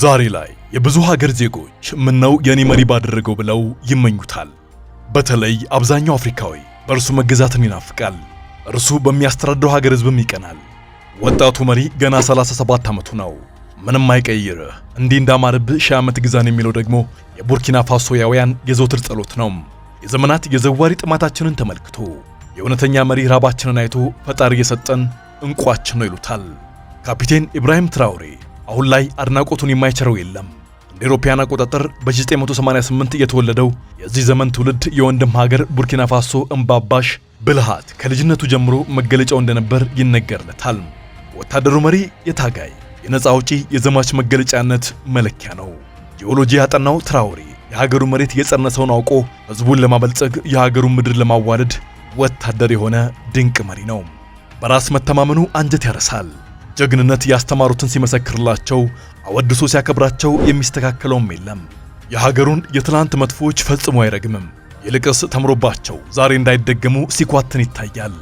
ዛሬ ላይ የብዙ ሀገር ዜጎች ምነው የኔ መሪ ባደረገው ብለው ይመኙታል። በተለይ አብዛኛው አፍሪካዊ በእርሱ መገዛትን ይናፍቃል። እርሱ በሚያስተዳድረው ሀገር ህዝብም ይቀናል። ወጣቱ መሪ ገና 37 ዓመቱ ነው። ምንም አይቀይርህ፣ እንዲህ እንዳማርብህ ሺህ ዓመት ግዛን የሚለው ደግሞ የቡርኪና ፋሶያውያን የዘውትር ጸሎት ነው። የዘመናት የዘዋሪ ጥማታችንን ተመልክቶ የእውነተኛ መሪ ራባችንን አይቶ ፈጣሪ የሰጠን እንቋችን ነው ይሉታል። ካፒቴን ኢብራሂም ትራውሬ አሁን ላይ አድናቆቱን የማይቸረው የለም። እንደ ኢሮፓያን አቆጣጠር በ1988 የተወለደው የዚህ ዘመን ትውልድ የወንድም ሀገር ቡርኪና ፋሶ እምባባሽ ብልሃት ከልጅነቱ ጀምሮ መገለጫው እንደነበር ይነገርለታል። ወታደሩ መሪ፣ የታጋይ፣ የነፃ አውጪ፣ የዘማች መገለጫነት መለኪያ ነው። ጂኦሎጂ ያጠናው ትራውሬ የሀገሩ መሬት የጸነሰውን አውቆ ህዝቡን ለማበልጸግ የሀገሩን ምድር ለማዋደድ ወታደር የሆነ ድንቅ መሪ ነው። በራስ መተማመኑ አንጀት ያረሳል። ጀግንነት ያስተማሩትን ሲመሰክርላቸው፣ አወድሶ ሲያከብራቸው የሚስተካከለውም የለም። የሀገሩን የትናንት መጥፎዎች ፈጽሞ አይረግምም። ይልቅስ ተምሮባቸው ዛሬ እንዳይደገሙ ሲኳትን ይታያል።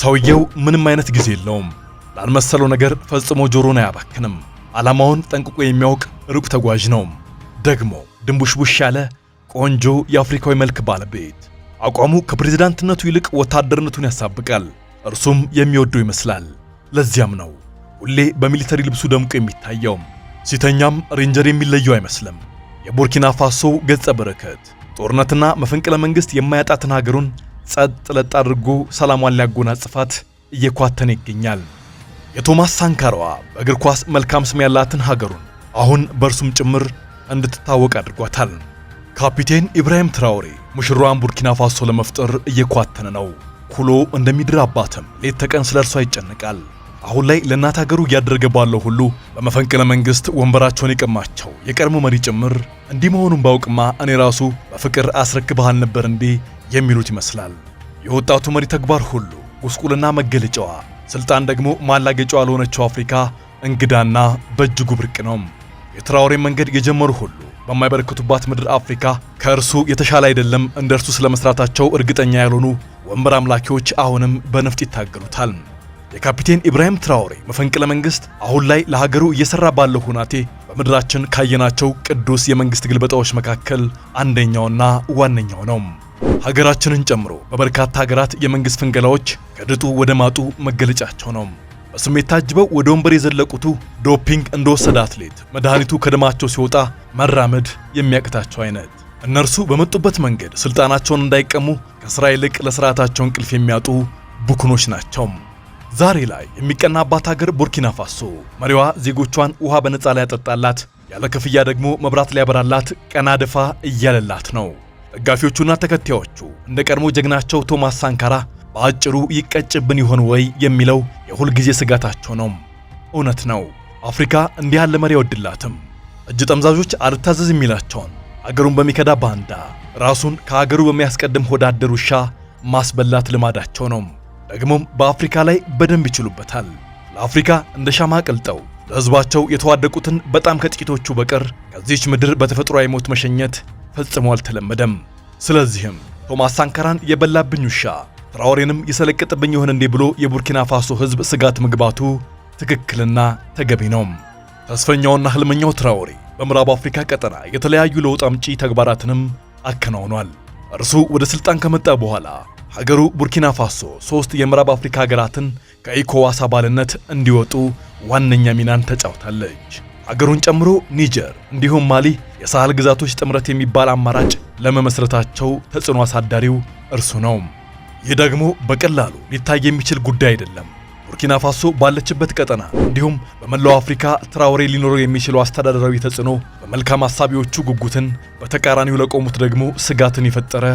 ሰውየው ምንም አይነት ጊዜ የለውም። ላልመሰለው ነገር ፈጽሞ ጆሮን አያባክንም። ዓላማውን ጠንቅቆ የሚያውቅ ሩቅ ተጓዥ ነው። ደግሞ ድንቡሽቡሽ ያለ ቆንጆ የአፍሪካዊ መልክ ባለቤት። አቋሙ ከፕሬዝዳንትነቱ ይልቅ ወታደርነቱን ያሳብቃል። እርሱም የሚወደው ይመስላል። ለዚያም ነው ሁሌ በሚሊተሪ ልብሱ ደምቆ የሚታየው ሲተኛም ሬንጀር የሚለየው አይመስልም። የቡርኪና ፋሶ ገጸ በረከት ጦርነትና መፈንቅለ መንግስት የማያጣትን ሀገሩን ጸጥ ለጥ አድርጎ ሰላሟን ሊያጎናጽፋት እየኳተነ ይገኛል። የቶማስ ሳንካራዋ በእግር ኳስ መልካም ስም ያላትን ሀገሩን አሁን በእርሱም ጭምር እንድትታወቅ አድርጓታል። ካፒቴን ኢብራሂም ትራውሬ ሙሽሯን ቡርኪና ፋሶ ለመፍጠር እየኳተነ ነው። ኩሎ እንደሚድር አባትም ሌት ተቀን ስለ እርሷ ይጨንቃል። አሁን ላይ ለእናት ሀገሩ እያደረገ ባለው ሁሉ በመፈንቅለ መንግስት ወንበራቸውን የቀማቸው የቀድሞ መሪ ጭምር እንዲህ መሆኑን ባውቅማ እኔ ራሱ በፍቅር አስረክብሃል ነበር እንዴ የሚሉት ይመስላል። የወጣቱ መሪ ተግባር ሁሉ ጉስቁልና መገለጫዋ፣ ስልጣን ደግሞ ማላገጫዋ ለሆነችው አፍሪካ እንግዳና በእጅጉ ብርቅ ነው። የትራውሬ መንገድ የጀመሩ ሁሉ በማይበረከቱባት ምድር አፍሪካ ከእርሱ የተሻለ አይደለም። እንደ እርሱ ስለመስራታቸው እርግጠኛ ያልሆኑ ወንበር አምላኪዎች አሁንም በነፍጥ ይታገሉታል። የካፒቴን ኢብራሂም ትራኦሬ መፈንቅለ መንግስት አሁን ላይ ለሀገሩ እየሰራ ባለው ሁናቴ በምድራችን ካየናቸው ቅዱስ የመንግስት ግልበጣዎች መካከል አንደኛውና ዋነኛው ነው። ሀገራችንን ጨምሮ በበርካታ ሀገራት የመንግስት ፍንገላዎች ከድጡ ወደ ማጡ መገለጫቸው ነው። በስሜት ታጅበው ወደ ወንበር የዘለቁቱ ዶፒንግ እንደወሰደ አትሌት መድኃኒቱ ከደማቸው ሲወጣ መራመድ የሚያቅታቸው አይነት እነርሱ በመጡበት መንገድ ስልጣናቸውን እንዳይቀሙ ከስራ ይልቅ ለስርዓታቸው እንቅልፍ የሚያጡ ቡክኖች ናቸው። ዛሬ ላይ የሚቀናባት ሀገር ቡርኪና ፋሶ መሪዋ ዜጎቿን ውሃ በነፃ ላይ ያጠጣላት፣ ያለ ክፍያ ደግሞ መብራት ሊያበራላት ቀና ደፋ እያለላት ነው። ደጋፊዎቹና ተከታዮቹ እንደ ቀድሞ ጀግናቸው ቶማስ ሳንካራ በአጭሩ ይቀጭብን ይሆን ወይ የሚለው የሁልጊዜ ስጋታቸው ነው። እውነት ነው፣ አፍሪካ እንዲህ ያለ መሪ አይወድላትም። እጅ ጠምዛዦች አልታዘዝ የሚላቸውን አገሩን በሚከዳ ባንዳ ራሱን ከሀገሩ በሚያስቀድም ሆዳደር ውሻ ማስበላት ልማዳቸው ነው። ደግሞም በአፍሪካ ላይ በደንብ ይችሉበታል። ለአፍሪካ እንደ ሻማ ቀልጠው ለሕዝባቸው የተዋደቁትን በጣም ከጥቂቶቹ በቀር ከዚች ምድር በተፈጥሯዊ ሞት መሸኘት ፈጽሞ አልተለመደም። ስለዚህም ቶማስ ሳንካራን የበላብኝ ውሻ ትራውሬንም የሰለቀጥብኝ ይሆን እንዲህ ብሎ የቡርኪና ፋሶ ሕዝብ ስጋት መግባቱ ትክክልና ተገቢ ነው። ተስፈኛውና ህልመኛው ትራውሬ በምዕራብ አፍሪካ ቀጠና የተለያዩ ለውጥ አምጪ ተግባራትንም አከናውኗል። እርሱ ወደ ስልጣን ከመጣ በኋላ ሀገሩ ቡርኪና ፋሶ ሶስት የምዕራብ አፍሪካ ሀገራትን ከኢኮዋስ አባልነት እንዲወጡ ዋነኛ ሚናን ተጫውታለች። ሀገሩን ጨምሮ ኒጀር እንዲሁም ማሊ የሳህል ግዛቶች ጥምረት የሚባል አማራጭ ለመመስረታቸው ተጽዕኖ አሳዳሪው እርሱ ነው። ይህ ደግሞ በቀላሉ ሊታይ የሚችል ጉዳይ አይደለም። ቡርኪና ፋሶ ባለችበት ቀጠና እንዲሁም በመላው አፍሪካ ትራውሬ ሊኖረው የሚችለው አስተዳደራዊ ተጽዕኖ በመልካም አሳቢዎቹ ጉጉትን፣ በተቃራኒው ለቆሙት ደግሞ ስጋትን የፈጠረ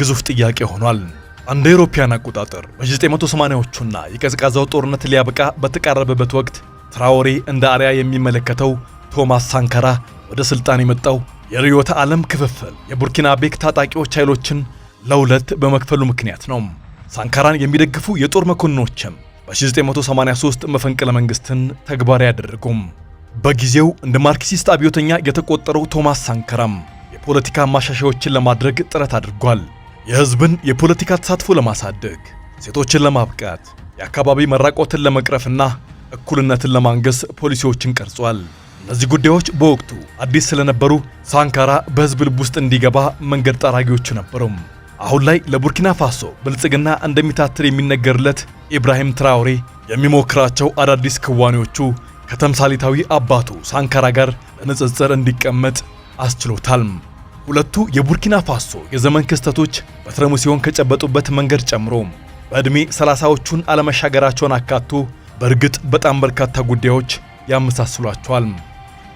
ግዙፍ ጥያቄ ሆኗል። እንደ አውሮፓውያን አቆጣጠር በ1980ዎቹና የቀዝቃዛው ጦርነት ሊያበቃ በተቃረበበት ወቅት ትራዎሬ እንደ አርያ የሚመለከተው ቶማስ ሳንካራ ወደ ስልጣን የመጣው የርዕዮተ ዓለም ክፍፍል የቡርኪና ቤክ ታጣቂዎች ኃይሎችን ለሁለት በመክፈሉ ምክንያት ነው። ሳንካራን የሚደግፉ የጦር መኮንኖችም በ1983 መፈንቅለ መንግስትን ተግባራዊ አደረጉም። በጊዜው እንደ ማርክሲስት አብዮተኛ የተቆጠረው ቶማስ ሳንካራም የፖለቲካ ማሻሻዎችን ለማድረግ ጥረት አድርጓል። የህዝብን የፖለቲካ ተሳትፎ ለማሳደግ፣ ሴቶችን ለማብቃት፣ የአካባቢ መራቆትን ለመቅረፍና እኩልነትን ለማንገስ ፖሊሲዎችን ቀርጿል። እነዚህ ጉዳዮች በወቅቱ አዲስ ስለነበሩ ሳንካራ በህዝብ ልብ ውስጥ እንዲገባ መንገድ ጠራጊዎቹ ነበሩም። አሁን ላይ ለቡርኪና ፋሶ ብልጽግና እንደሚታትር የሚነገርለት ኢብራሂም ትራውሬ የሚሞክራቸው አዳዲስ ክዋኔዎቹ ከተምሳሌታዊ አባቱ ሳንካራ ጋር ለንጽጽር እንዲቀመጥ አስችሎታል። ሁለቱ የቡርኪና ፋሶ የዘመን ክስተቶች ሲሆን ከጨበጡበት መንገድ ጨምሮ በዕድሜ ሰላሳዎቹን አለመሻገራቸውን አካቶ በእርግጥ በጣም በርካታ ጉዳዮች ያመሳስሏቸዋል።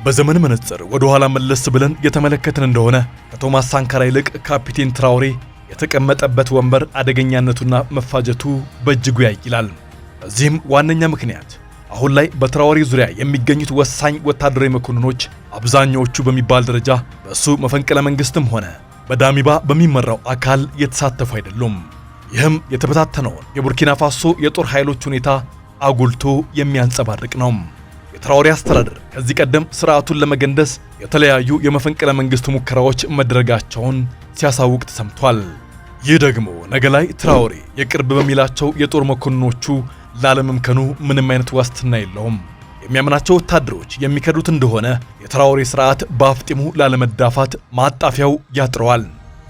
በዘመን መነጽር ወደ ኋላ መለስ ብለን የተመለከትን እንደሆነ ከቶማስ ሳንካራ ይልቅ ካፒቴን ትራውሬ የተቀመጠበት ወንበር አደገኛነቱና መፋጀቱ በእጅጉ ያይላል። በዚህም ዋነኛ ምክንያት አሁን ላይ በትራኦሬ ዙሪያ የሚገኙት ወሳኝ ወታደራዊ መኮንኖች አብዛኛዎቹ በሚባል ደረጃ በእሱ መፈንቅለ መንግስትም ሆነ በዳሚባ በሚመራው አካል የተሳተፉ አይደሉም። ይህም የተበታተነውን የቡርኪና ፋሶ የጦር ኃይሎች ሁኔታ አጉልቶ የሚያንጸባርቅ ነው። የትራኦሬ አስተዳደር ከዚህ ቀደም ስርዓቱን ለመገንደስ የተለያዩ የመፈንቅለ መንግስት ሙከራዎች መደረጋቸውን ሲያሳውቅ ተሰምቷል። ይህ ደግሞ ነገ ላይ ትራኦሬ የቅርብ በሚላቸው የጦር መኮንኖቹ ላለመምከኑ ምንም አይነት ዋስትና የለውም። የሚያምናቸው ወታደሮች የሚከዱት እንደሆነ የትራኦሬ ስርዓት በአፍጢሙ ላለመዳፋት ማጣፊያው ያጥረዋል።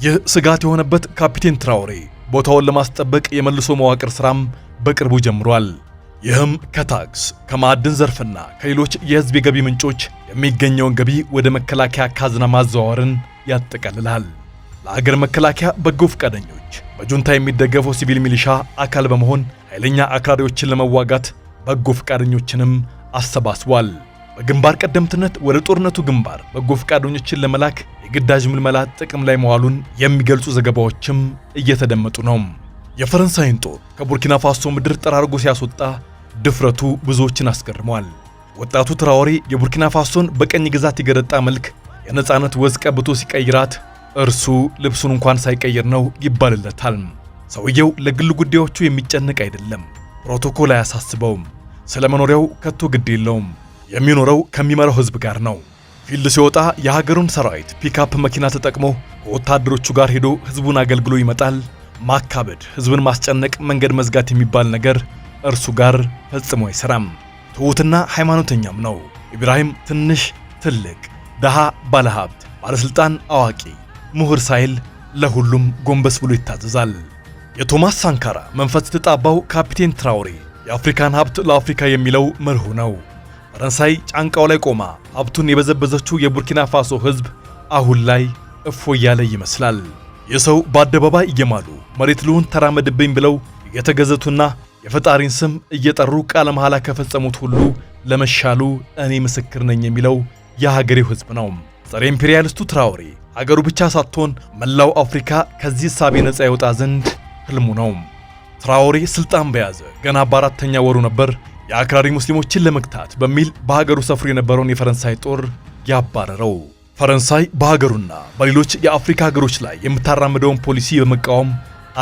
ይህ ስጋት የሆነበት ካፒቴን ትራኦሬ ቦታውን ለማስጠበቅ የመልሶ መዋቅር ስራም በቅርቡ ጀምሯል። ይህም ከታክስ ከማዕድን ዘርፍና ከሌሎች የህዝብ የገቢ ምንጮች የሚገኘውን ገቢ ወደ መከላከያ ካዝና ማዘዋወርን ያጠቃልላል። ለአገር መከላከያ በጎ ፈቃደኞች በጁንታ የሚደገፈው ሲቪል ሚሊሻ አካል በመሆን ኃይለኛ አክራሪዎችን ለመዋጋት በጎ ፈቃደኞችንም አሰባስቧል። በግንባር ቀደምትነት ወደ ጦርነቱ ግንባር በጎ ፈቃደኞችን ለመላክ የግዳጅ ምልመላ ጥቅም ላይ መዋሉን የሚገልጹ ዘገባዎችም እየተደመጡ ነው። የፈረንሳይን ጦር ከቡርኪና ፋሶ ምድር ጠራርጎ ሲያስወጣ ድፍረቱ ብዙዎችን አስገርሟል። ወጣቱ ትራኦሬ የቡርኪና ፋሶን በቀኝ ግዛት የገረጣ መልክ የነፃነት ወዝ ቀብቶ ሲቀይራት እርሱ ልብሱን እንኳን ሳይቀይር ነው ይባልለታል። ሰውየው ለግል ጉዳዮቹ የሚጨንቅ አይደለም። ፕሮቶኮል አያሳስበውም። ስለ መኖሪያው ከቶ ግድ የለውም። የሚኖረው ከሚመራው ህዝብ ጋር ነው። ፊልድ ሲወጣ የሀገሩን ሰራዊት ፒካፕ መኪና ተጠቅሞ ከወታደሮቹ ጋር ሄዶ ህዝቡን አገልግሎ ይመጣል። ማካበድ፣ ህዝቡን ማስጨነቅ፣ መንገድ መዝጋት የሚባል ነገር እርሱ ጋር ፈጽሞ አይሰራም። ትሑትና ሃይማኖተኛም ነው። ኢብራሂም ትንሽ፣ ትልቅ፣ ደሃ፣ ባለሀብት፣ ባለሥልጣን፣ አዋቂ ምሁር ሳይል ለሁሉም ጎንበስ ብሎ ይታዘዛል። የቶማስ ሳንካራ መንፈስ የተጣባው ካፒቴን ትራውሬ የአፍሪካን ሀብት ለአፍሪካ የሚለው መርሁ ነው። ፈረንሳይ ጫንቃው ላይ ቆማ ሀብቱን የበዘበዘችው የቡርኪና ፋሶ ሕዝብ አሁን ላይ እፎ እያለ ይመስላል። የሰው በአደባባይ እየማሉ መሬት ልሁን ተራመድብኝ ብለው እየተገዘቱና የፈጣሪን ስም እየጠሩ ቃለ መሐላ ከፈጸሙት ሁሉ ለመሻሉ እኔ ምስክር ነኝ የሚለው የሀገሬው ሕዝብ ነው። ጸረ ኢምፔሪያሊስቱ ትራውሬ አገሩ ብቻ ሳትሆን መላው አፍሪካ ከዚህ ሳቤ ነፃ የወጣ ዘንድ ህልሙ ነው። ትራኦሬ ስልጣን በያዘ ገና በአራተኛ ወሩ ነበር የአክራሪ ሙስሊሞችን ለመግታት በሚል በሀገሩ ሰፍሮ የነበረውን የፈረንሳይ ጦር ያባረረው። ፈረንሳይ በሀገሩና በሌሎች የአፍሪካ ሀገሮች ላይ የምታራምደውን ፖሊሲ በመቃወም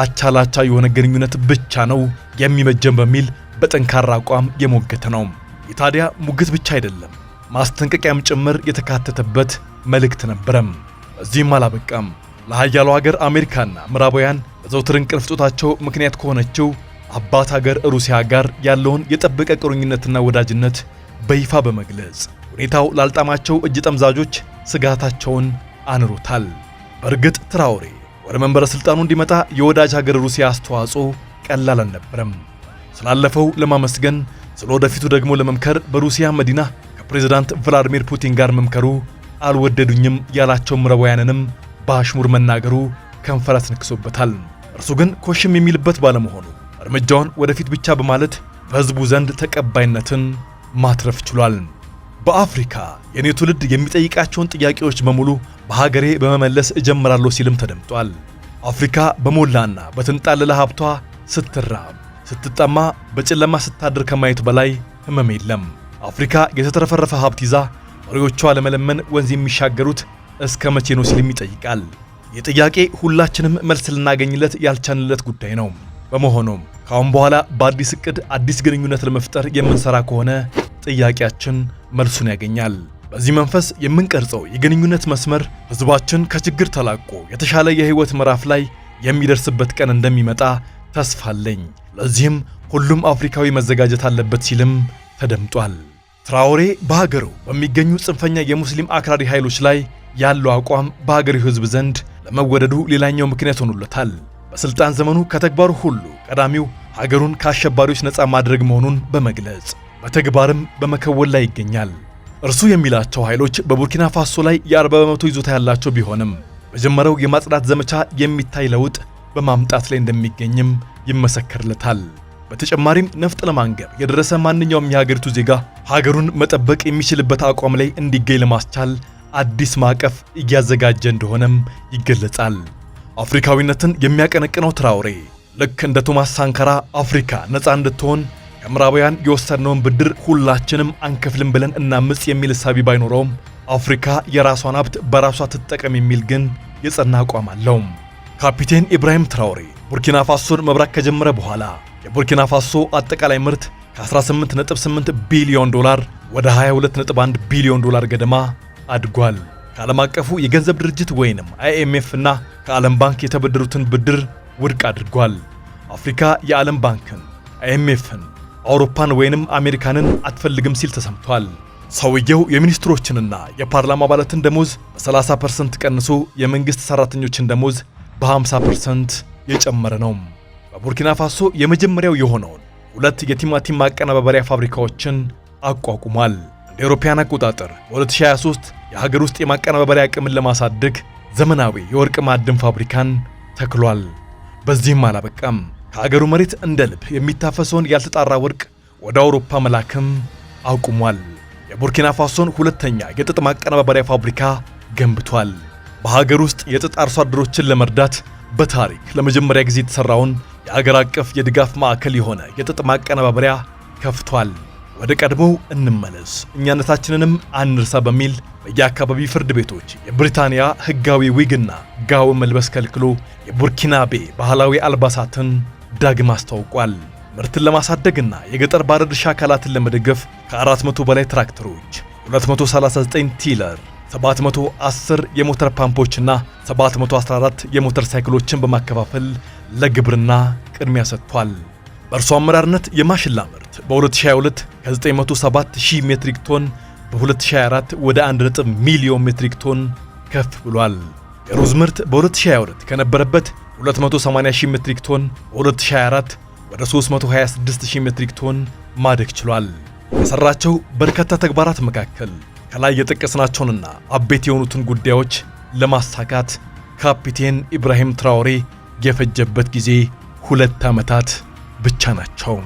አቻላቻ የሆነ ግንኙነት ብቻ ነው የሚመጀን በሚል በጠንካራ አቋም የሞገተ ነው። የታዲያ ሙግት ብቻ አይደለም ማስጠንቀቂያም ጭምር የተካተተበት መልእክት ነበረም። እዚህም አላበቃም። ለሀያሉ ሀገር አሜሪካና ምዕራባውያን በዘውትር እንቅልፍ ጦታቸው ምክንያት ከሆነችው አባት ሀገር ሩሲያ ጋር ያለውን የጠበቀ ቁርኝነትና ወዳጅነት በይፋ በመግለጽ ሁኔታው ላልጣማቸው እጅ ጠምዛጆች ስጋታቸውን አኑሮታል። በእርግጥ ትራውሬ ወደ መንበረ ሥልጣኑ እንዲመጣ የወዳጅ ሀገር ሩሲያ አስተዋጽኦ ቀላል አልነበረም። ስላለፈው ለማመስገን ስለ ወደፊቱ ደግሞ ለመምከር በሩሲያ መዲና ከፕሬዝዳንት ቭላዲሚር ፑቲን ጋር መምከሩ አልወደዱኝም ያላቸው ምዕራባውያንንም በአሽሙር መናገሩ ከንፈር አስነክሶበታል። እርሱ ግን ኮሽም የሚልበት ባለመሆኑ እርምጃውን ወደፊት ብቻ በማለት በሕዝቡ ዘንድ ተቀባይነትን ማትረፍ ችሏል። በአፍሪካ የኔ ትውልድ የሚጠይቃቸውን ጥያቄዎች በሙሉ በሀገሬ በመመለስ እጀምራለሁ ሲልም ተደምጧል። አፍሪካ በሞላና በተንጣለለ ሀብቷ ስትራብ፣ ስትጠማ፣ በጨለማ ስታድር ከማየት በላይ ህመም የለም። አፍሪካ የተትረፈረፈ ሀብት ይዛ መሪዎቿ ለመለመን ወንዝ የሚሻገሩት እስከ መቼ ነው ሲልም ይጠይቃል። ይህ ጥያቄ ሁላችንም መልስ ልናገኝለት ያልቻንለት ጉዳይ ነው። በመሆኑም ከአሁን በኋላ በአዲስ እቅድ አዲስ ግንኙነት ለመፍጠር የምንሰራ ከሆነ ጥያቄያችን መልሱን ያገኛል። በዚህ መንፈስ የምንቀርጸው የግንኙነት መስመር ህዝባችን ከችግር ተላቆ የተሻለ የህይወት ምዕራፍ ላይ የሚደርስበት ቀን እንደሚመጣ ተስፋ ለዚህም ሁሉም አፍሪካዊ መዘጋጀት አለበት ሲልም ተደምጧል። ትራውሬ በሀገሩ በሚገኙ ጽንፈኛ የሙስሊም አክራሪ ኃይሎች ላይ ያለው አቋም በሀገሪ ሕዝብ ዘንድ ለመወደዱ ሌላኛው ምክንያት ሆኖለታል። በስልጣን ዘመኑ ከተግባሩ ሁሉ ቀዳሚው ሀገሩን ከአሸባሪዎች ነፃ ማድረግ መሆኑን በመግለጽ በተግባርም በመከወል ላይ ይገኛል። እርሱ የሚላቸው ኃይሎች በቡርኪና ፋሶ ላይ የ40 በመቶ ይዞታ ያላቸው ቢሆንም በጀመረው የማጽዳት ዘመቻ የሚታይ ለውጥ በማምጣት ላይ እንደሚገኝም ይመሰከርለታል። በተጨማሪም ነፍጥ ለማንገብ የደረሰ ማንኛውም የሀገሪቱ ዜጋ ሀገሩን መጠበቅ የሚችልበት አቋም ላይ እንዲገኝ ለማስቻል አዲስ ማዕቀፍ እያዘጋጀ እንደሆነም ይገለጻል። አፍሪካዊነትን የሚያቀነቅነው ትራውሬ ልክ እንደ ቶማስ ሳንካራ አፍሪካ ነፃ እንድትሆን ከምዕራባውያን የወሰድነውን ብድር ሁላችንም አንከፍልም ብለን እናምፅ የሚል እሳቢ ባይኖረውም አፍሪካ የራሷን ሀብት በራሷ ትጠቀም የሚል ግን የጸና አቋም አለው። ካፒቴን ኢብራሂም ትራውሬ ቡርኪና ፋሶን መብራት ከጀመረ በኋላ የቡርኪና ፋሶ አጠቃላይ ምርት ከ18.8 ቢሊዮን ዶላር ወደ 22.1 ቢሊዮን ዶላር ገደማ አድጓል። ከዓለም አቀፉ የገንዘብ ድርጅት ወይንም አይኤምኤፍ እና ከዓለም ባንክ የተበደሩትን ብድር ውድቅ አድርጓል። አፍሪካ የዓለም ባንክን፣ አይኤምኤፍን፣ አውሮፓን ወይንም አሜሪካንን አትፈልግም ሲል ተሰምቷል። ሰውየው የሚኒስትሮችንና የፓርላማ አባላትን ደሞዝ በ30 ቀንሶ የመንግስት ሰራተኞችን ደሞዝ በ50 የጨመረ ነው። በቡርኪና ፋሶ የመጀመሪያው የሆነውን ሁለት የቲማቲም ማቀነባበሪያ ፋብሪካዎችን አቋቁሟል። እንደ አውሮፓውያን አቆጣጠር በ2023 የሀገር ውስጥ የማቀነባበሪያ አቅምን ለማሳደግ ዘመናዊ የወርቅ ማዕድን ፋብሪካን ተክሏል። በዚህም አላበቃም። ከሀገሩ መሬት እንደ ልብ የሚታፈሰውን ያልተጣራ ወርቅ ወደ አውሮፓ መላክም አቁሟል። የቡርኪና ፋሶን ሁለተኛ የጥጥ ማቀነባበሪያ ፋብሪካ ገንብቷል። በሀገር ውስጥ የጥጥ አርሶ አደሮችን ለመርዳት በታሪክ ለመጀመሪያ ጊዜ የተሰራውን የአገር አቀፍ የድጋፍ ማዕከል የሆነ የጥጥ ማቀነባበሪያ ከፍቷል። ወደ ቀድሞው እንመለስ፣ እኛነታችንንም አንርሳ በሚል በየአካባቢ ፍርድ ቤቶች የብሪታንያ ሕጋዊ ዊግና ጋው መልበስ ከልክሎ የቡርኪናቤ ባህላዊ አልባሳትን ዳግም አስታውቋል። ምርትን ለማሳደግና የገጠር ባለድርሻ አካላትን ለመደገፍ ከ400 በላይ ትራክተሮች፣ 239 ቲለር፣ 710 የሞተር ፓምፖችና 714 የሞተር ሳይክሎችን በማከፋፈል ለግብርና ቅድሚያ ሰጥቷል። በእርሱ አመራርነት የማሽላ ምርት በ2022 ከ ሺህ ሜትሪክ ቶን በ2024 ወደ 1 ሚሊዮን ሜትሪክ ቶን ከፍ ብሏል። የሩዝ ምርት በ2022 ከነበረበት ሺህ ሜትሪክ ቶን በ2024 ወደ ሺህ ሜትሪክ ቶን ማደግ ችሏል። ከሰራቸው በርካታ ተግባራት መካከል ከላይ የጠቀስናቸውንና አቤት የሆኑትን ጉዳዮች ለማሳካት ካፒቴን ኢብራሂም ትራውሬ የፈጀበት ጊዜ ሁለት ዓመታት ብቻ ናቸው።